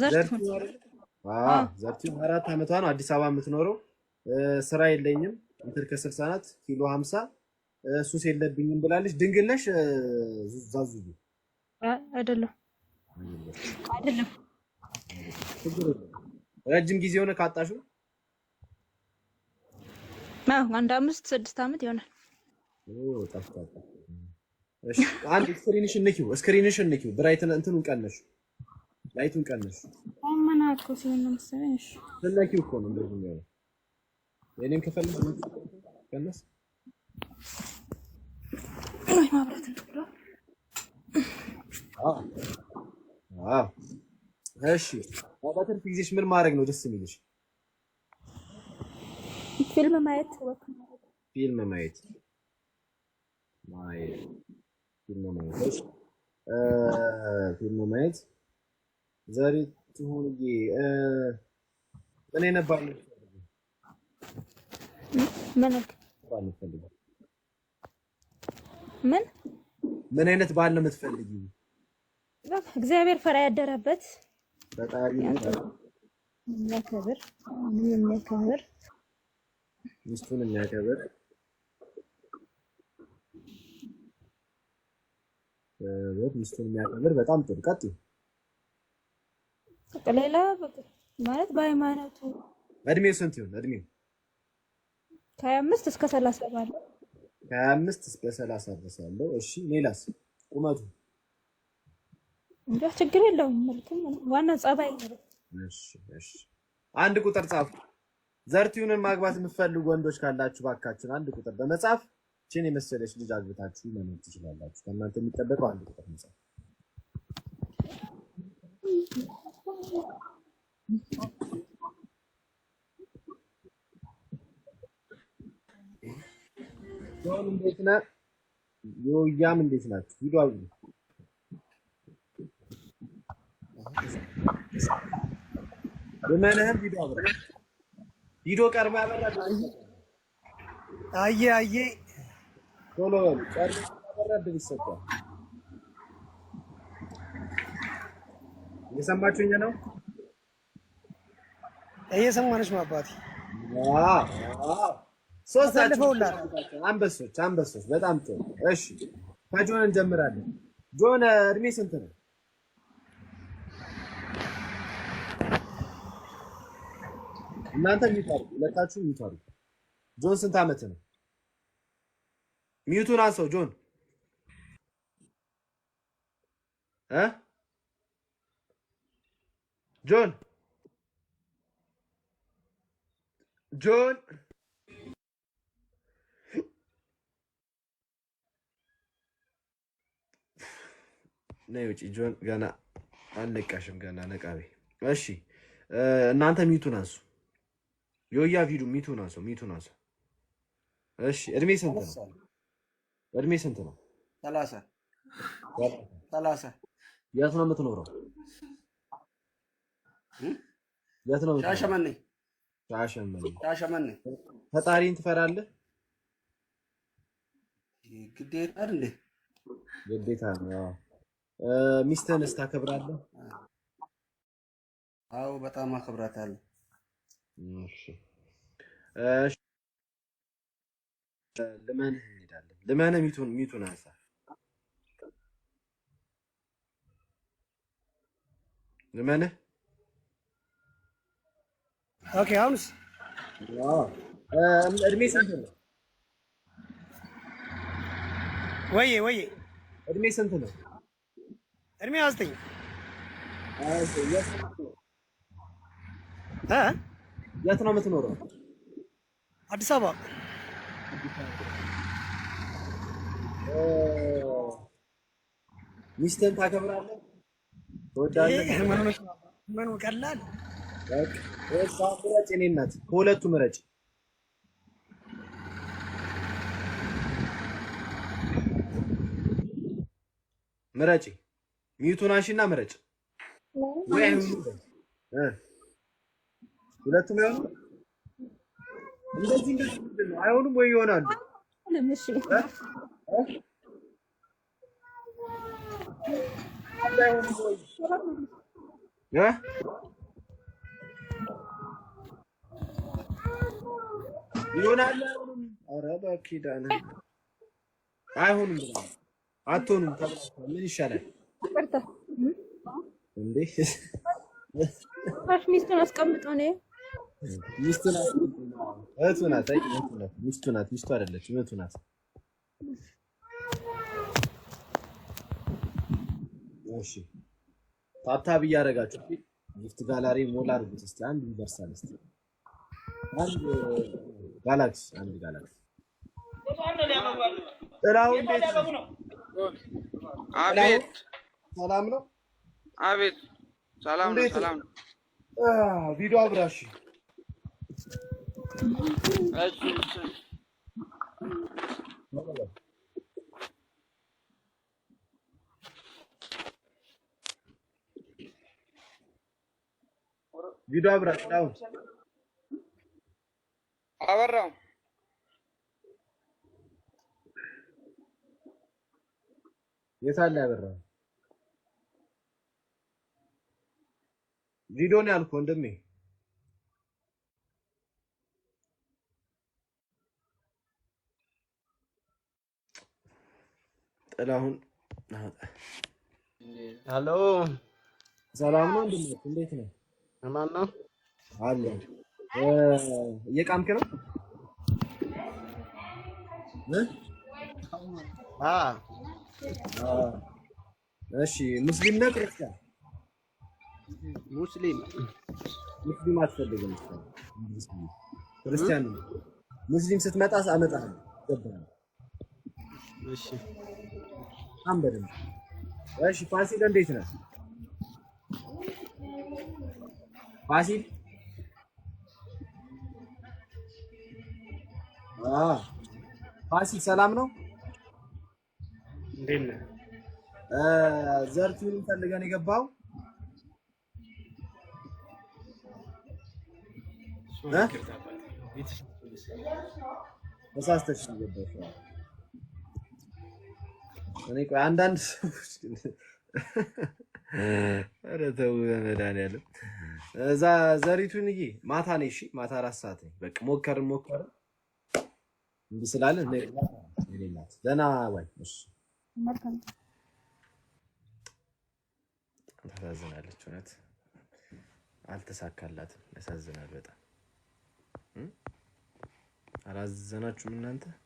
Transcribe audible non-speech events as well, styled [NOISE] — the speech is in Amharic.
ዘርቲሁን አራት ዓመቷ ነው። አዲስ አበባ የምትኖረው ስራ የለኝም ሜትር ከስልሳ ናት፣ ኪሎ ሀምሳ ሱስ የለብኝም ብላለች። ድንግል ነሽ? ዛዙ አይደለም ረጅም ጊዜ የሆነ ካጣሽው አንድ አምስት ስድስት ዓመት ይሆናል። እሺ አንድ ስክሪንሽን ንኪው፣ ስክሪንሽን ንኪው። ብራይትን እንትኑን ቀነሽ፣ ላይቱን ቀነሽ። አማና እኮ ስለምን መሰለኝ። እሺ ስለኪው እኮ ነው እንደዚህ ነው። የኔም ከፈለሽ ቀነስ። አይ ማብራት እንትን ብሏል። አዎ አዎ። እሺ በትርፍ ጊዜሽ ምን ማድረግ ነው ደስ የሚልሽ? ፊልም ማየት፣ ፊልም ማየት ማየት ፊልሙ ማየት ፊልሙ ማየት ዛሬ ትሆን እኔ ነበር ምን ምን አይነት ባል ነው የምትፈልጊው? እግዚአብሔር ፈራ ያደረበት በጣም የሚያከብር ሚስቱን የሚያከብር ቤት ሚስቱን የሚያከብር በጣም ጥሩ። ቀጥይ። ሌላ ማለት በሃይማኖቱ እድሜው ስንት ይሆን? እድሜው ከሀያ አምስት እስከ ሰላሳ ባለው ከሀያ አምስት እስከ ሰላሳ ድረስ ያለው። እሺ ሌላስ? ቁመቱ እንዴ? ችግር የለውም። መልክም ዋና ጸባይ እሺ እሺ። አንድ ቁጥር ጻፉ። ዘርቲውንን ማግባት የምትፈልጉ ወንዶች ካላችሁ ባካችሁን አንድ ቁጥር በመጻፍ ችን የመሰለች ልጅ አግብታችሁ መኖር ትችላላችሁ። ከእናንተ የሚጠበቀው አንድ ቁጥር መጽሐፍ ሆን እንዴት ነህ? ዮያም እንዴት ናችሁ? ሂዱ አሉ ብመንህም ሂዶ አብረ ሂዶ ቀድሞ ያበራ አየ አየ ቶሎ በሉ እድል ይሰጣል። እየሰማችሁኝ ነው? እየሰማንሽ ነው አባቴ። አንበሶች አንበሶች፣ በጣም ጥሩ። እሺ ከጆን እንጀምራለን። ጆን እድሜ ስንት ነው? እናንተ የሚታሩ ሁለታችሁ የሚታሩ ጆን ስንት አመት ነው? Mewtwo nasıl John? He? John. John. ነይ ውጪ ጆን። ገና አልነቃሽም። ገና ነቃ በይ። እሺ እናንተ ሚቱን አንሱ። የወያ ቪዱ ሚቱን አንሱ። ሚቱን አንሱ። እሺ እድሜ ስንት ነው? እድሜ ስንት ነው? ሰላሳ የት ነው የምትኖረው? የት ነው? ሻሸመኔ ሻሸመኔ። ፈጣሪን ትፈራለህ? ግዴታ አይደል? ግዴታ ነው። ሚስትህንስ ታከብራለህ? አዎ በጣም አከብራታለሁ። እሺ ልመንህ እንሄዳለን። ልመንህ ሚቱን ሚቱን አንሳ። ልመንህ ኦኬ። አሁንስ እድሜ ስንት ነው? ወዬ ወዬ እድሜ ስንት ነው? እድሜ አስጠኝ የት ነው የምትኖረው? አዲስ አበባ ሚስትን ታከብራለህ? ትወዳለህ? ምኑ ቀላል። ምረጭ፣ እኔ እናት ከሁለቱ ምረጭ። ምረጭ፣ ምረጭ። ሁለቱም እንደዚህ ነው አይሆኑም ወይ ይሆናሉ? አይሆንም ኧረ በኪዳነ አትሆኑም። ምን ይሻላል እንዴ? ሚስቱን አስቀምጦ ነው ሚስቱን እህቱ ናት። አይ ሚስቱ ናት። ሚስቱ አይደለችም፣ እህቱ ናት። እሺ ታብታብ እያደረጋችሁ ጊፍት ጋላሪ ሞላ አድርጉት እስቲ። አንድ ይደርሳል እስቲ። አንድ ጋላክሲ አንድ ጋላክሲ ጥላው እንዴት አቤት፣ ሰላም ነው። አቤት፣ ሰላም ነው። ሰላም ነው። ቪዲዮ አብራሽ ቪዲዮ አብራት ነው አበራው አበራው ቪዲዮ ነው ያልኩህ ወንድሜ ጥላሁን ሄሎ፣ ሰላም ነው? እንዴት ነው? ማን ነው? አለ እየቃምክ ነው? እሺ፣ ሙስሊም ነህ ክርስቲያን? ሙስሊም ሙስሊም አትፈልግም። ክርስቲያን ሙስሊም ስትመጣ አመጣለሁ። እሺ በጣም በደንብ እሺ። ፋሲል እንዴት ነህ? ፋሲል ፋሲል ሰላም ነው? እንዴት ነህ? ዘርቱን ፈልገን የገባው ተሳስተሽ ነው የገባው እኔ ቆይ አንዳንድ ሰዎች [LAUGHS] ኧረ ተው በመድኃኒዓለም እዛ ዘሪቱንዬ ማታ ነ ሺ ማታ አራት ሰዓት ነኝ። በቃ ሞከርን ሞከርን እንዲህ ስላለን ደህና ወይ እሱ ታሳዝናለች። እውነት አልተሳካላትም። ያሳዝናል በጣም አላዘናችሁም እናንተ